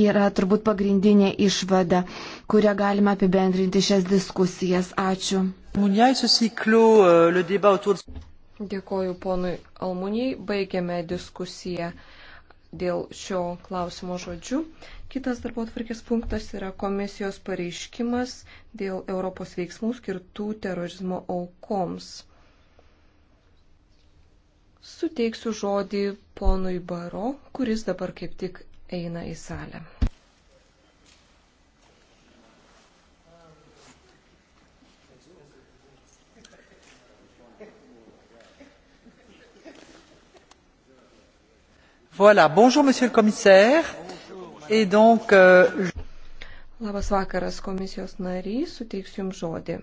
yra turbūt pagrindinė išvada, kurią galima apibendrinti šias diskusijas. Ačiū. Euh, Dėkoju ponui Almunijai, baigėme diskusiją dėl šio klausimo žodžių. Kitas darbo atvarkės punktas yra komisijos pareiškimas dėl Europos veiksmų skirtų terorizmo aukoms. Suteiksiu žodį ponui Baro, kuris dabar kaip tik eina į salę. Voilà, bonjour monsieur le commissaire. Et donc, euh... Labas vakaras komisijos nariai, suteiksiu jums žodį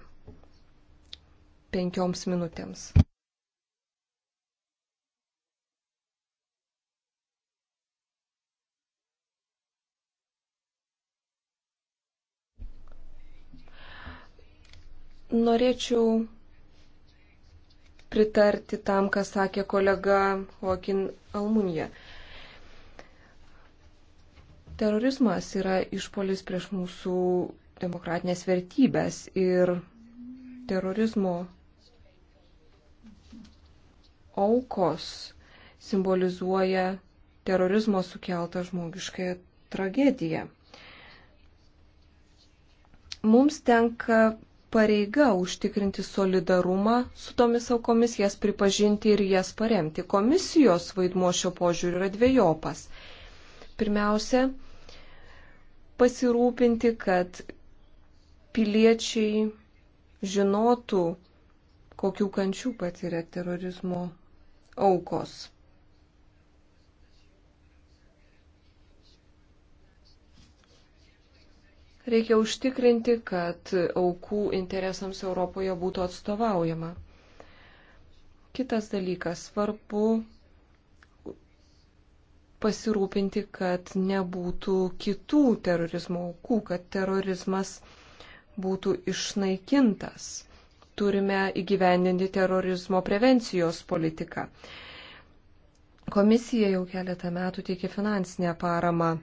penkioms minutėms. Norėčiau pritarti tam, ką sakė kolega Hokin Almunija. Terorizmas yra išpolis prieš mūsų demokratinės vertybės ir terorizmo aukos simbolizuoja terorizmo sukeltą žmogiškąją tragediją. Mums tenka pareiga užtikrinti solidarumą su tomis aukomis, jas pripažinti ir jas paremti. Komisijos vaidmuo šio požiūriu yra dviejopas. Pirmiausia, pasirūpinti, kad piliečiai žinotų, kokių kančių patiria terorizmo aukos. Reikia užtikrinti, kad aukų interesams Europoje būtų atstovaujama. Kitas dalykas, svarbu pasirūpinti, kad nebūtų kitų terorizmo aukų, kad terorizmas būtų išnaikintas. Turime įgyvendinti terorizmo prevencijos politiką. Komisija jau keletą metų teikia finansinę paramą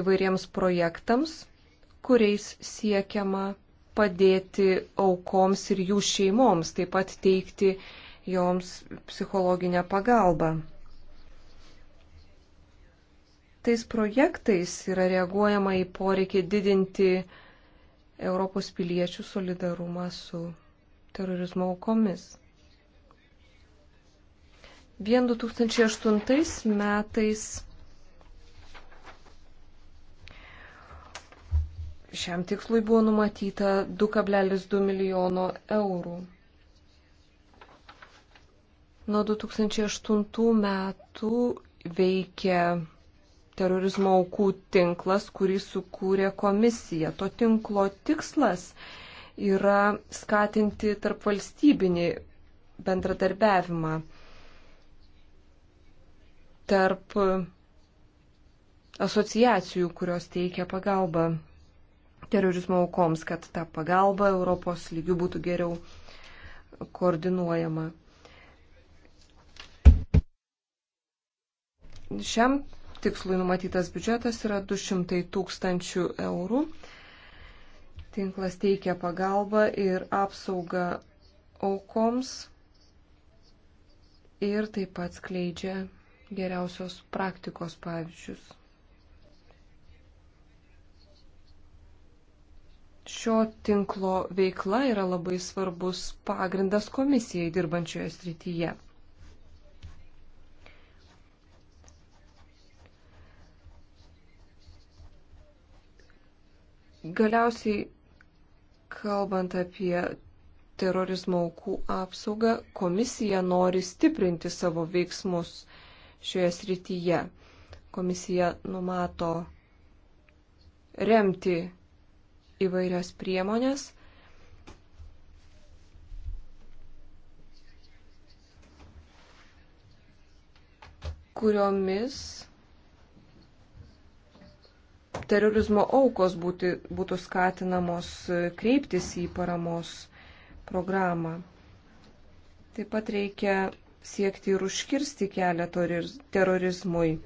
įvairiems projektams, kuriais siekiama padėti aukoms ir jų šeimoms, taip pat teikti joms psichologinę pagalbą. Tais projektais yra reaguojama į poreikį didinti Europos piliečių solidarumą su terorizmo aukomis. Vien 2008 metais Šiam tikslui buvo numatyta 2,2 milijono eurų. Nuo 2008 metų veikia terorizmo aukų tinklas, kurį sukūrė komisija. To tinklo tikslas yra skatinti tarp valstybinį bendradarbiavimą tarp asociacijų, kurios teikia pagalbą terorizmo aukoms, kad ta pagalba Europos lygių būtų geriau koordinuojama. Šiam tikslui numatytas biudžetas yra 200 tūkstančių eurų. Tinklas teikia pagalbą ir apsaugą aukoms ir taip pat skleidžia geriausios praktikos pavyzdžius. Šio tinklo veikla yra labai svarbus pagrindas komisijai dirbančioje srityje. Galiausiai, kalbant apie terorizmo aukų apsaugą, komisija nori stiprinti savo veiksmus šioje srityje. Komisija numato remti įvairios priemonės. kuriomis terorizmo aukos būti, būtų skatinamos kreiptis į paramos programą. Taip pat reikia siekti ir užkirsti kelią terorizmui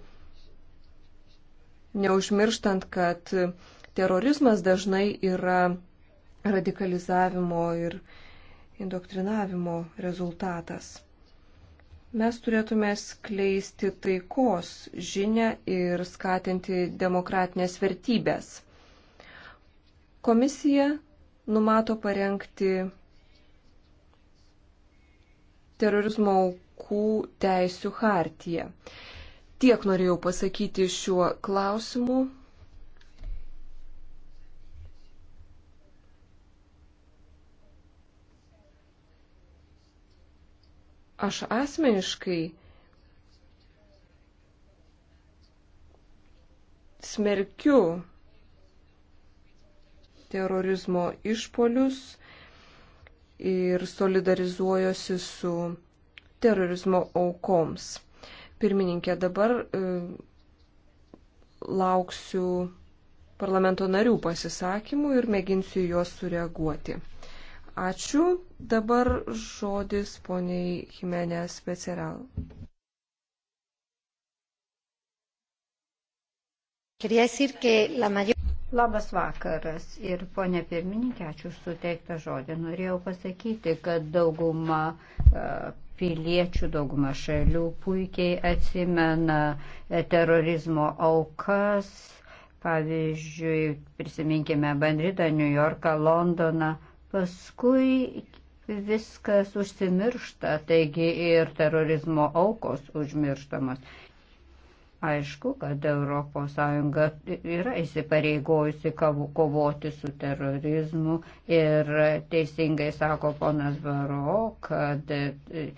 neužmirštant, kad terorizmas dažnai yra radikalizavimo ir indoktrinavimo rezultatas. Mes turėtume skleisti taikos žinę ir skatinti demokratinės vertybės. Komisija numato parengti terorizmo aukų teisių hartiją. Tiek norėjau pasakyti šiuo klausimu. Aš asmeniškai smerkiu terorizmo išpolius ir solidarizuojosi su terorizmo aukoms. Pirmininkė, dabar e, lauksiu parlamento narių pasisakymų ir mėginsiu juos sureaguoti. Ačiū. Dabar žodis poniai Jimenės Beceral. Labas vakaras ir ponė pirmininkė, ačiū suteiktą žodį. Norėjau pasakyti, kad dauguma e, piliečių, dauguma šalių puikiai atsimena e, terorizmo aukas. Pavyzdžiui, prisiminkime Bandrytą, Niujorką, Londoną Paskui viskas užsimiršta, taigi ir terorizmo aukos užmirštamos. Aišku, kad ES yra įsipareigojusi kovoti su terorizmu ir teisingai sako ponas Baro, kad e,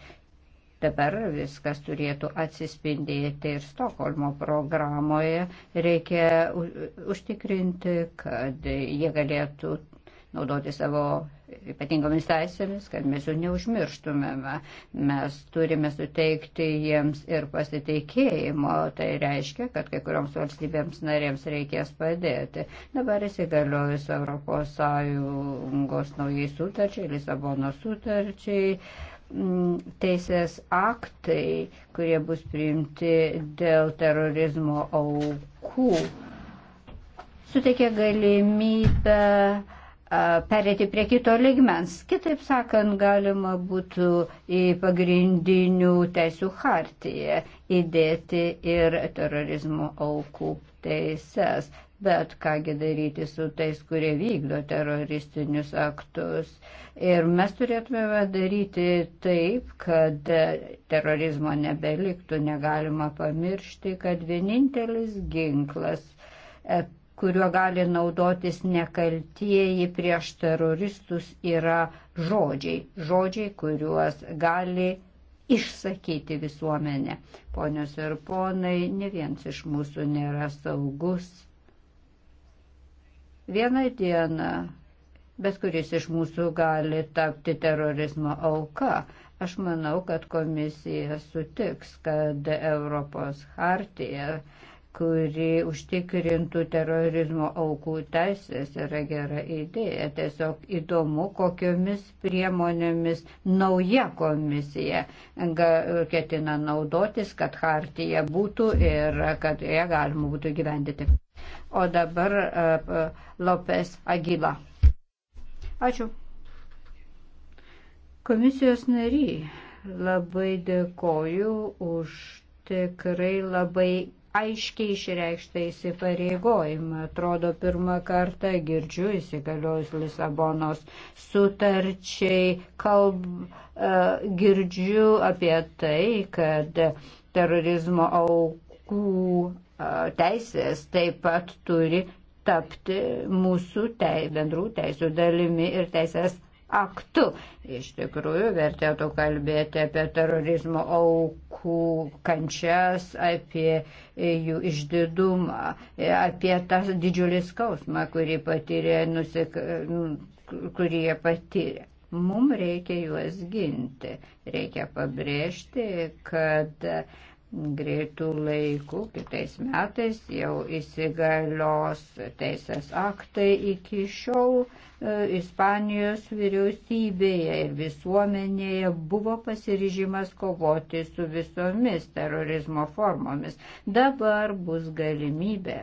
Dabar viskas turėtų atsispindėti ir Stokholmo programoje. Reikia užtikrinti, kad jie galėtų naudoti savo ypatingomis teisėmis, kad mes jų neužmirštumėme. Mes turime suteikti jiems ir pasiteikėjimo. Tai reiškia, kad kai kurioms valstybėms narėms reikės padėti. Dabar įsigaliojus ES naujai sutarčiai, Lisabono sutarčiai. Teisės aktai, kurie bus priimti dėl terorizmo aukų, suteikia galimybę perėti prie kito ligmens. Kitaip sakant, galima būtų į pagrindinių teisų hartiją įdėti ir terorizmo aukų teises. Bet kągi daryti su tais, kurie vykdo teroristinius aktus. Ir mes turėtume daryti taip, kad terorizmo nebeliktų, negalima pamiršti, kad vienintelis ginklas e, kuriuo gali naudotis nekaltieji prieš teroristus, yra žodžiai. Žodžiai, kuriuos gali išsakyti visuomenė. Ponios ir ponai, ne viens iš mūsų nėra saugus. Vieną dieną bet kuris iš mūsų gali tapti terorizmo auka. Aš manau, kad komisija sutiks, kad Europos hartija kuri užtikrintų terorizmo aukų teisės, yra gera idėja. Tiesiog įdomu, kokiomis priemonėmis nauja komisija ketina naudotis, kad hartija būtų ir kad ją galima būtų gyvendyti. O dabar e, Lopes Agila. Ačiū. Komisijos nariai, labai dėkoju už tikrai labai aiškiai išreikštą įsipareigojimą. Atrodo, pirmą kartą girdžiu įsigaliojus Lisabonos sutarčiai, kalb, uh, girdžiu apie tai, kad terorizmo aukų uh, teisės taip pat turi tapti mūsų tei, bendrų teisų dalimi ir teisės aktu. Iš tikrųjų, vertėtų kalbėti apie terorizmo aukų kančias, apie jų išdidumą, apie tą didžiulį skausmą, kurį patyrė, nusik... kurį jie patyrė. Mums reikia juos ginti. Reikia pabrėžti, kad uh, greitų laikų, kitais metais jau įsigalios teisės aktai iki šiol e, Ispanijos vyriausybėje ir visuomenėje buvo pasiryžimas kovoti su visomis terorizmo formomis. Dabar bus galimybė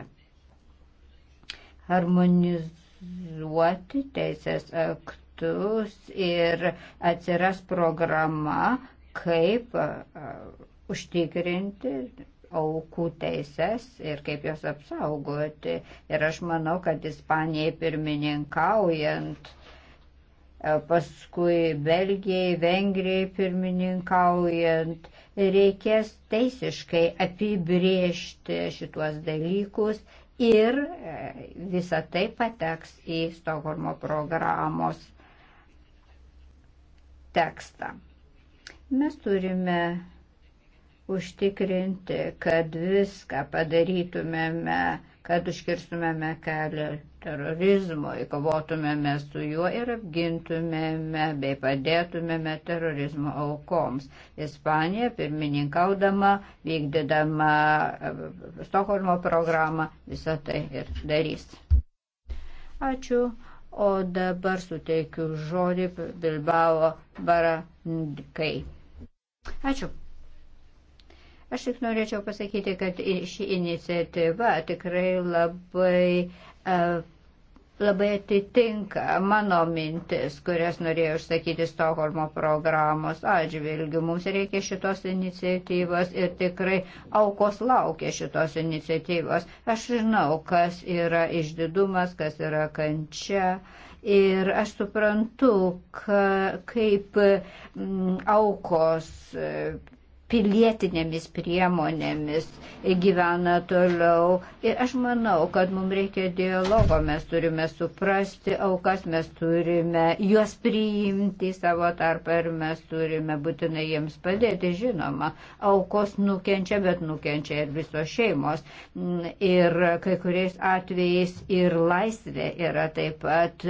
harmonizuoti teisės aktus ir atsiras programa, kaip e, užtikrinti aukų teises ir kaip jos apsaugoti. Ir aš manau, kad Ispanijai pirmininkaujant, e, paskui Belgijai, Vengrijai pirmininkaujant, reikės teisiškai apibriežti šituos dalykus ir e, visa tai pateks į Stokholmo programos tekstą. Mes turime užtikrinti, kad viską padarytumėme, kad užkirstumėme kelią terorizmui, kovotumėme su juo ir apgintumėme bei padėtumėme terorizmo aukoms. Ispanija, pirmininkaudama, vykdydama e, Stokholmo programą, visą tai ir darys. Ačiū. O dabar suteikiu žodį Bilbao Barandikai. Ačiū. Aš tik norėčiau pasakyti, kad ši iniciatyva tikrai labai, e, labai atitinka mano mintis, kurias norėjau išsakyti Stokholmo programos atžvilgių. Mums reikia šitos iniciatyvos ir tikrai aukos laukia šitos iniciatyvos. Aš žinau, kas yra išdidumas, kas yra kančia. Ir aš suprantu, ka, kaip m, aukos. M, pilietinėmis priemonėmis gyvena toliau. Ir aš manau, kad mums reikia dialogo, mes turime suprasti aukas, mes turime juos priimti į savo tarpą ir mes turime būtinai jiems padėti. Žinoma, aukos nukenčia, bet nukenčia ir visos šeimos. Ir kai kuriais atvejais ir laisvė yra taip pat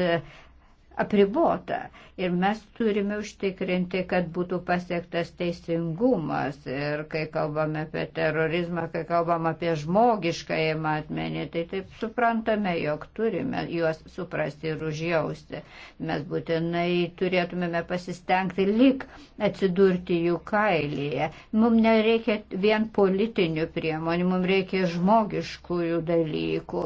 apribota. Ir mes turime užtikrinti, kad būtų pasiektas teisingumas. Ir kai kalbame apie terorizmą, kai kalbame apie žmogiškąją matmenį, tai taip suprantame, jog turime juos suprasti ir užjausti. Mes būtinai turėtumėme pasistengti lik atsidurti jų kailyje. Mums nereikia vien politinių priemonių, mums reikia žmogiškųjų dalykų.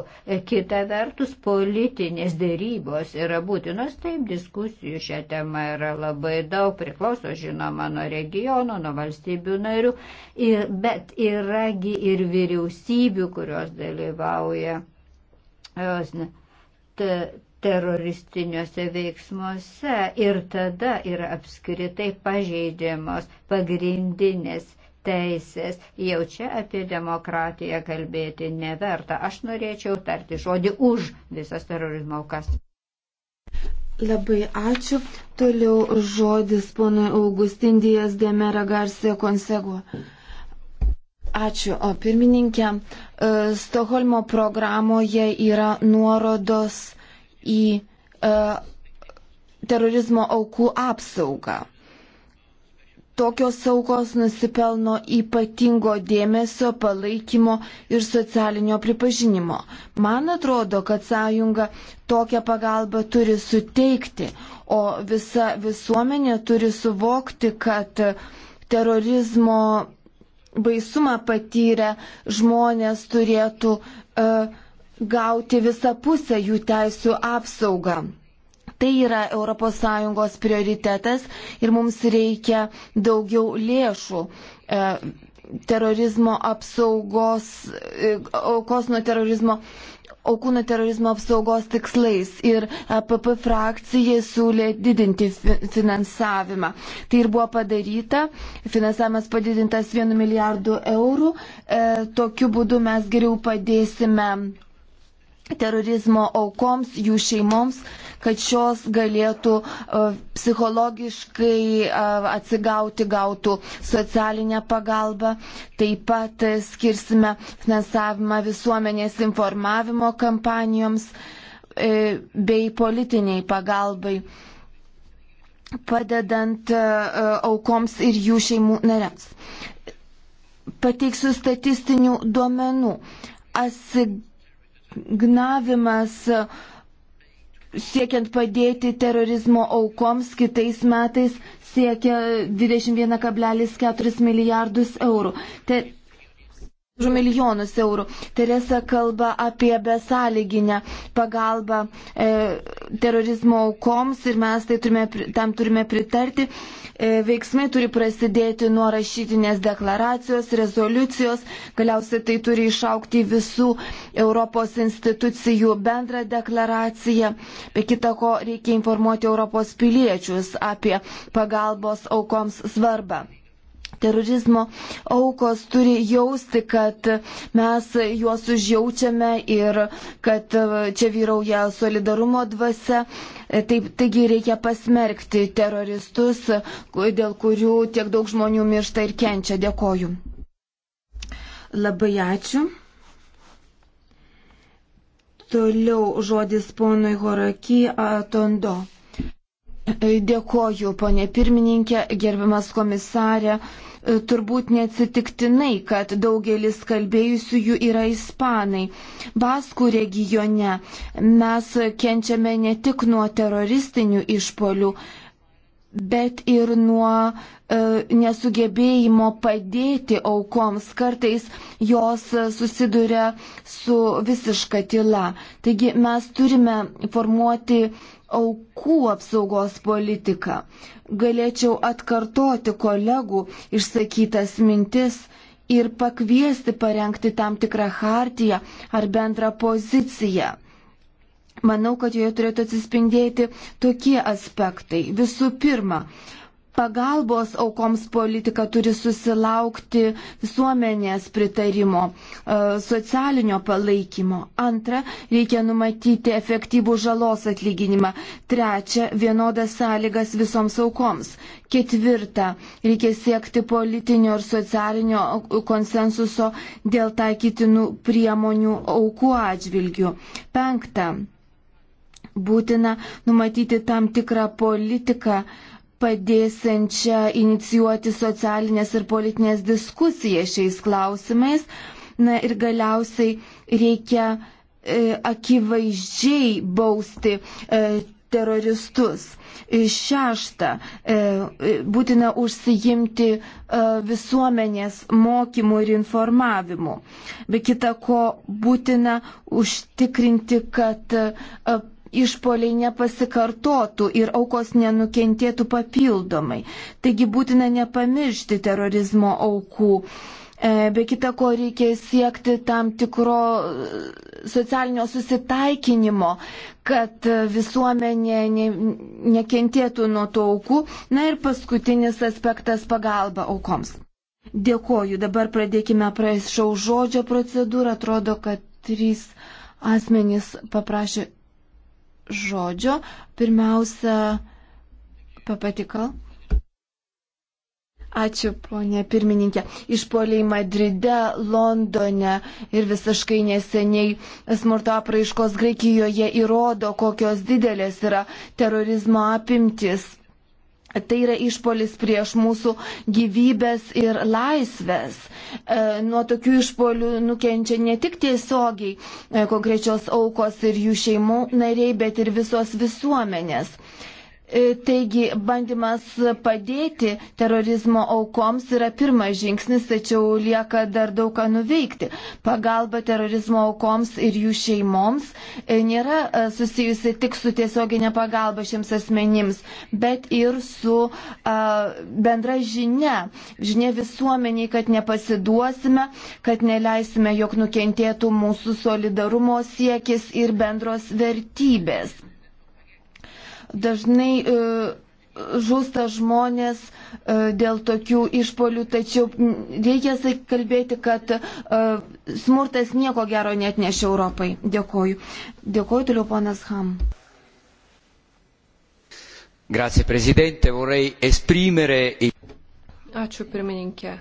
Kita vertus, politinės dėrybos yra būtinos Taip, diskusijų šią temą yra labai daug, priklauso žinoma nuo regionų, nuo valstybių narių, ir, bet yragi ir vyriausybių, kurios dalyvauja te, teroristiniuose veiksmuose ir tada yra apskritai pažeidžiamos pagrindinės teisės. Jau čia apie demokratiją kalbėti neverta. Aš norėčiau tarti žodį už visas terorizmo aukas. Labai ačiū. Toliau žodis ponui Augustindijas Demera Garcia Konsego. Ačiū, o pirmininkė. E, Stoholmo programoje yra nuorodos į e, terorizmo aukų apsaugą. Tokios aukos nusipelno ypatingo dėmesio, palaikymo ir socialinio pripažinimo. Man atrodo, kad sąjunga tokią pagalbą turi suteikti, o visa visuomenė turi suvokti, kad terorizmo baisumą patyrę žmonės turėtų uh, gauti visapusę jų teisų apsaugą. Tai yra ES prioritetas ir mums reikia daugiau lėšų e, terorizmo apsaugos, e, aukos nuo terorizmo aukų nuo terorizmo apsaugos tikslais ir APP e frakcija siūlė didinti finansavimą. Tai ir buvo padaryta, finansavimas padidintas 1 milijardu eurų, e, tokiu būdu mes geriau padėsime terorizmo aukoms, jų šeimoms, kad šios galėtų e, psichologiškai e, atsigauti, gautų socialinę pagalbą. Taip pat e, skirsime finansavimą visuomenės informavimo kampanijoms bei politiniai pagalbai padedant aukoms ir jų šeimų nariams. Pateiksiu statistinių duomenų. Asig gnavimas siekiant padėti terorizmo aukoms kitais metais siekia 21,4 milijardus eurų. Te, milijonus eurų. Teresa kalba apie besąlyginę pagalbą e, terorizmo aukoms ir mes tai turime, tam turime pritarti. E, E, veiksmai turi prasidėti nuo rašytinės deklaracijos, rezoliucijos, galiausiai tai turi išaukti visų Europos institucijų bendrą deklaraciją. Be kita ko, reikia informuoti Europos piliečius apie pagalbos aukoms svarbą. Terorizmo aukos turi jausti, kad mes juos užjaučiame ir kad e, čia vyrauja solidarumo dvasia. E, taip, taigi reikia pasmerkti teroristus, dėl kurių tiek daug žmonių miršta ir kenčia. Dėkoju. Labai ačiū. Toliau žodis ponui Horaki Tondo. Dėkoju, ponė pirmininkė, gerbiamas komisarė. Turbūt neatsitiktinai, kad daugelis kalbėjusiųjų yra ispanai. Baskų regione mes kenčiame ne tik nuo teroristinių išpolių, bet ir nuo e, nesugebėjimo padėti aukoms. Kartais jos susiduria su visiška tyla. Taigi mes turime formuoti aukų apsaugos politiką. Galėčiau atkartoti kolegų išsakytas mintis ir pakviesti parengti tam tikrą hartiją ar bendrą poziciją Manau, kad joje turėtų atsispindėti tokie aspektai. Visų pirma, pagalbos aukoms politika turi susilaukti visuomenės pritarimo, e, socialinio palaikymo. Antra, reikia numatyti efektyvų žalos atlyginimą. Trečia, vienodas sąlygas visoms aukoms. Ketvirta, reikia siekti politinio ir socialinio konsensuso dėl taikytinų priemonių aukų atžvilgių. Penkta, būtina numatyti tam tikrą politiką, padėsančią inicijuoti socialinės ir politinės diskusijas šiais klausimais. Na ir galiausiai reikia e, akivaizdžiai bausti e, teroristus. Šešta, e, e būtina užsijimti e, visuomenės mokymu ir informavimu. Be kita ko, būtina užtikrinti, kad e, išpoliai nepasikartotų ir aukos nenukentėtų papildomai. Taigi būtina nepamiršti terorizmo aukų. E, be kita ko reikia siekti tam tikro e, socialinio susitaikinimo, kad e, visuomenė ne, nekentėtų nuo to aukų. Na ir paskutinis aspektas - pagalba aukoms. Dėkoju, dabar pradėkime prašau žodžio procedūrą. Atrodo, kad trys asmenys paprašė žodžio. Pirmiausia, papatikal. Ačiū, ponė pirmininkė. Išpoliai Madride, Londone ir visiškai neseniai smurto apraiškos Graikijoje įrodo, kokios didelės yra terorizmo apimtis. Tai yra išpolis prieš mūsų gyvybės ir laisvės. E, nuo tokių išpolių nukenčia ne tik tiesiogiai e, konkrečios aukos ir jų šeimų nariai, bet ir visos visuomenės. E, taigi bandymas padėti terorizmo aukoms yra pirmas žingsnis, tačiau lieka dar daug ką nuveikti. Pagalba terorizmo aukoms ir jų šeimoms e, nėra e, susijusi tik su tiesioginė pagalba šiems asmenims, bet ir su a, bendra žinia. Žinia visuomeniai, kad nepasiduosime, kad neleisime, jog nukentėtų mūsų solidarumo siekis ir bendros vertybės. Dažnai e, žūsta žmonės e, dėl tokių išpolių, tačiau reikia kalbėti, kad e, smurtas nieko gero net nešia Europai. Dėkoju. Dėkoju toliau, ponas Ham. Grazie, prezidente. Vorrei esprimere. Ačiū, pirmininkė.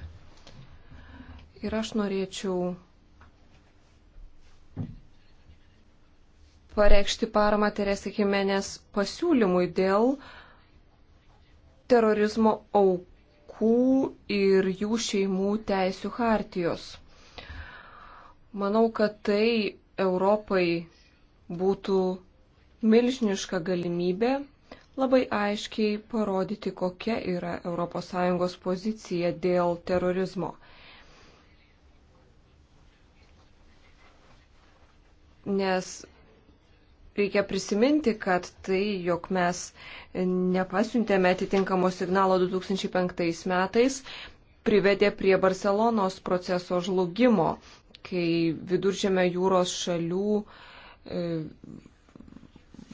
Ir aš norėčiau pareikšti paramą Teresė Jimenės pasiūlymui dėl terorizmo aukų ir jų šeimų teisų hartijos. Manau, kad tai Europai būtų milžiniška galimybė labai aiškiai parodyti, kokia yra ES pozicija dėl terorizmo. Nes reikia prisiminti, kad tai, jog mes nepasiuntėme atitinkamo signalo 2005 metais, privedė prie Barcelonos proceso žlugimo, kai viduržėme jūros šalių e,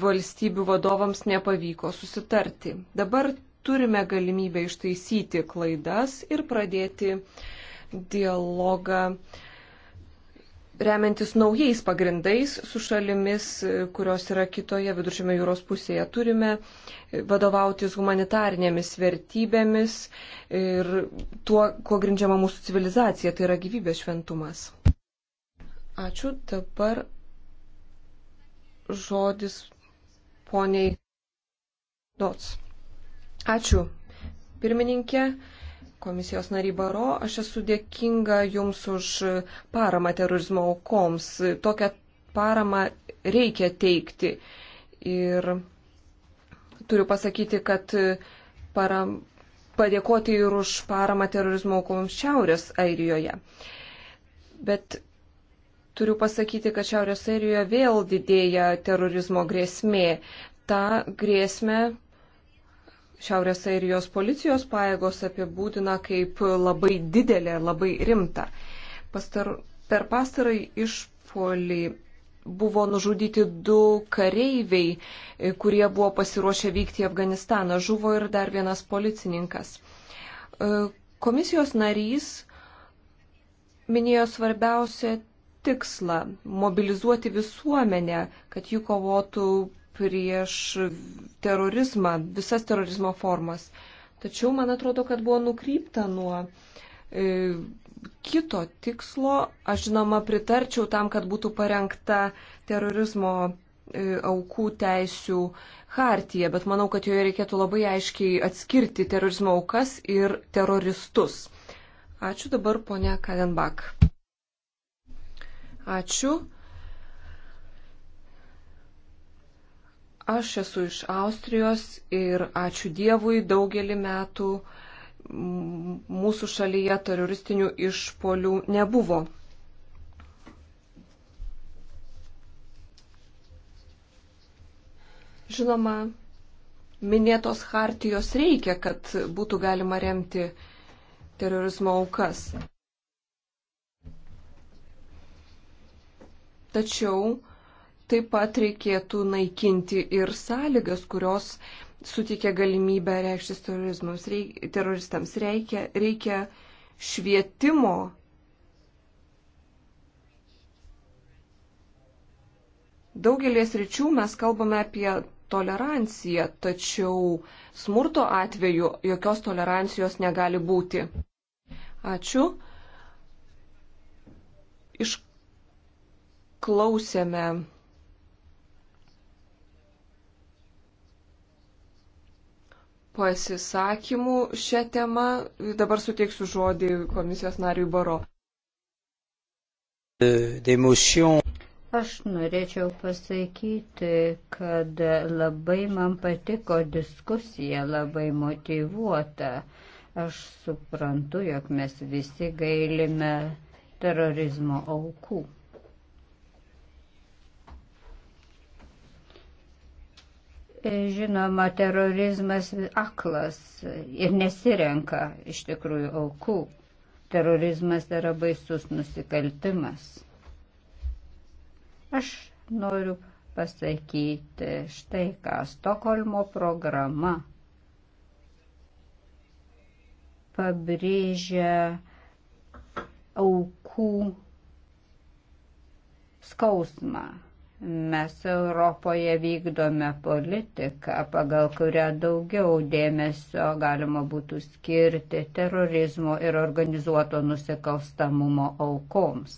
valstybių vadovams nepavyko susitarti. Dabar turime galimybę ištaisyti klaidas ir pradėti dialogą e, remiantis naujais pagrindais su šalimis, kurios yra kitoje viduržėme jūros pusėje. Turime vadovautis humanitarnėmis vertybėmis ir tuo, kuo grindžiama mūsų civilizacija, tai yra gyvybės šventumas. Ačiū. Dabar žodis poniai Dots. Ačiū. Pirmininkė. Komisijos nary Baro, aš esu dėkinga Jums už paramą terorizmo aukoms. Tokią paramą reikia teikti. Ir turiu pasakyti, kad param, padėkoti ir už paramą terorizmo aukoms Šiaurės Airijoje. Bet turiu pasakyti, kad Šiaurės Airijoje vėl didėja terorizmo grėsmė. Ta grėsmė Šiaurės Airijos policijos pajėgos apibūdina kaip labai didelė, labai rimta. Pastar, per pastarąjį išpolį buvo nužudyti du kareiviai, e, kurie buvo pasiruošę vykti į Afganistaną. Žuvo ir dar vienas policininkas. E, komisijos narys minėjo svarbiausią tikslą - mobilizuoti visuomenę, kad jų kovotų prieš terorizmą, visas terorizmo formas. Tačiau man atrodo, kad buvo nukrypta nuo e, kito tikslo. Aš žinoma pritarčiau tam, kad būtų parengta terorizmo e, aukų teisių hartija, bet manau, kad joje reikėtų labai aiškiai atskirti terorizmo aukas ir teroristus. Ačiū dabar ponia Kadenbak. Ačiū. Aš esu iš Austrijos ir ačiū Dievui daugelį metų mūsų šalyje teroristinių išpolių nebuvo. Žinoma, minėtos hartijos reikia, kad būtų galima remti terorizmo aukas. Tačiau Taip pat reikėtų naikinti ir sąlygas, kurios suteikia galimybę reikštis reik, teroristams. Reikia, reikia švietimo. Daugelės ryčių mes kalbame apie toleranciją, tačiau smurto atveju jokios tolerancijos negali būti. Ačiū. Išklausėme pasisakymų šią temą. Dabar suteiksiu žodį komisijos nariui Baro. Aš norėčiau pasakyti, kad labai man patiko diskusija, labai motivuota. Aš suprantu, jog mes visi gailime terorizmo aukų. E, žinoma, terorizmas aklas ir nesirenka iš tikrųjų aukų. Terorizmas yra baisus nusikaltimas. Aš noriu pasakyti štai ką. Stokholmo programa pabrėžia aukų skausmą. Mes Europoje vykdome politiką, pagal kurią daugiau dėmesio galima būtų skirti terorizmo ir organizuoto nusikalstamumo aukoms.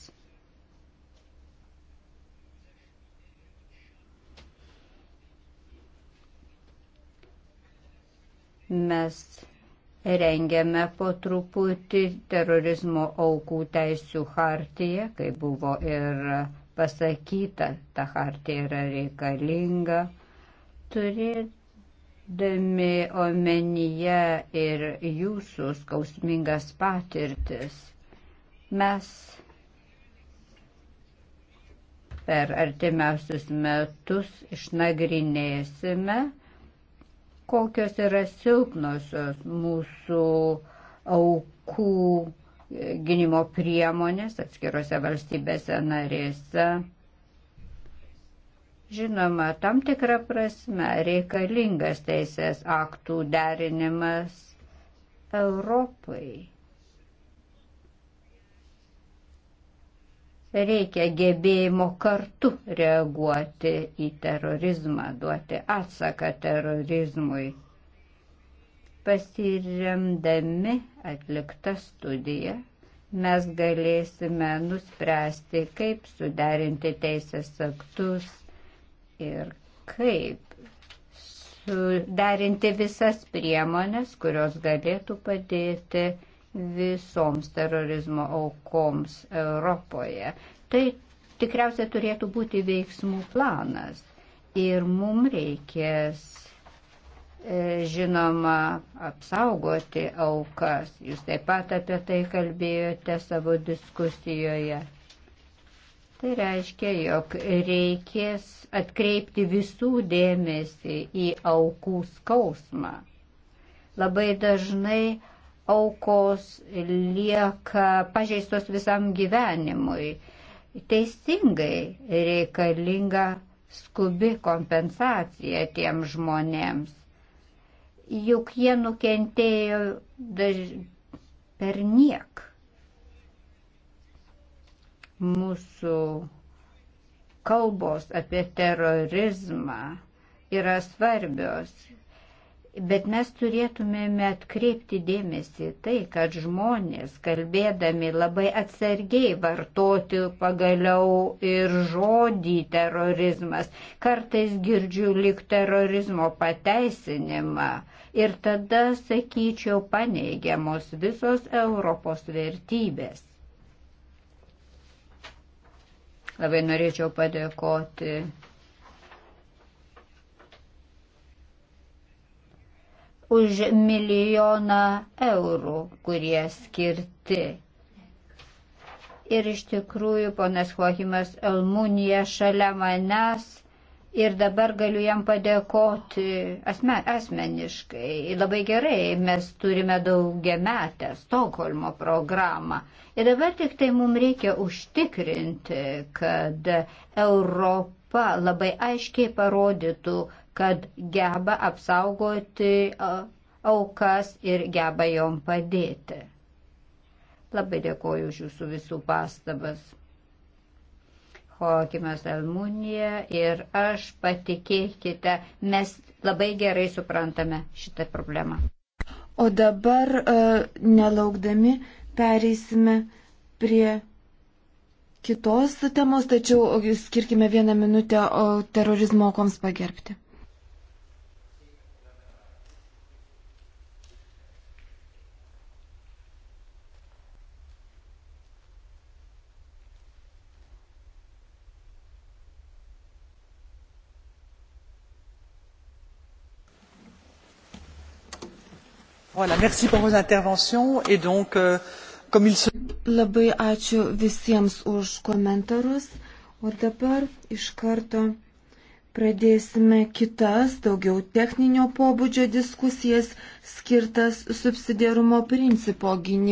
Mes rengiame po truputį terorizmo aukų teisų hartiją, kai buvo ir pasakyta, ta hartija yra reikalinga, turėdami omenyje ir jūsų skausmingas patirtis. Mes per artimiausius metus išnagrinėsime, kokios yra silpnosios mūsų aukų gynimo priemonės atskirose valstybėse narėse. Žinoma, tam tikrą prasme reikalingas teisės aktų derinimas Europai. Reikia gebėjimo kartu reaguoti į terorizmą, duoti atsaką terorizmui. Pasiremdami atliktą studiją mes galėsime nuspręsti, kaip suderinti teisės aktus ir kaip suderinti visas priemonės, kurios galėtų padėti visoms terorizmo aukoms Europoje. Tai tikriausiai turėtų būti veiksmų planas ir mums reikės E, žinoma, apsaugoti aukas. Jūs taip pat apie tai kalbėjote savo diskusijoje. Tai reiškia, jog reikės atkreipti visų dėmesį į aukų skausmą. Labai dažnai aukos lieka pažeistos visam gyvenimui. Teisingai reikalinga skubi kompensacija tiem žmonėms juk jie nukentėjo daž... per niek. Mūsų kalbos apie terorizmą yra svarbios, bet mes turėtumėme atkreipti dėmesį tai, kad žmonės, kalbėdami labai atsargiai vartoti pagaliau ir žodį terorizmas, kartais girdžiu lik terorizmo pateisinimą ir tada, sakyčiau, paneigiamos visos Europos vertybės. Labai norėčiau padėkoti už milijoną eurų, kurie skirti. Ir iš tikrųjų, ponas Hohimas Elmunija šalia manęs Ir dabar galiu jam padėkoti asme, asmeniškai. Labai gerai, mes turime daugia metę Stokholmo programą. Ir dabar tik tai mums reikia užtikrinti, kad Europa labai aiškiai parodytų, kad geba apsaugoti aukas ir geba jom padėti. Labai dėkoju už jūsų visų pastabas. Joakimas Almunija ir aš patikėkite, mes labai gerai suprantame šitą problemą. O dabar, e, nelaukdami, pereisime prie kitos temos, tačiau skirkime vieną minutę terorizmo aukoms pagerbti. Voilà, merci pour vos interventions et donc, euh, comme il se... Labai ačiū visiems už komentarus, o dabar iš karto pradėsime kitas, daugiau techninio pobūdžio diskusijas skirtas subsidiarumo principo gynimui.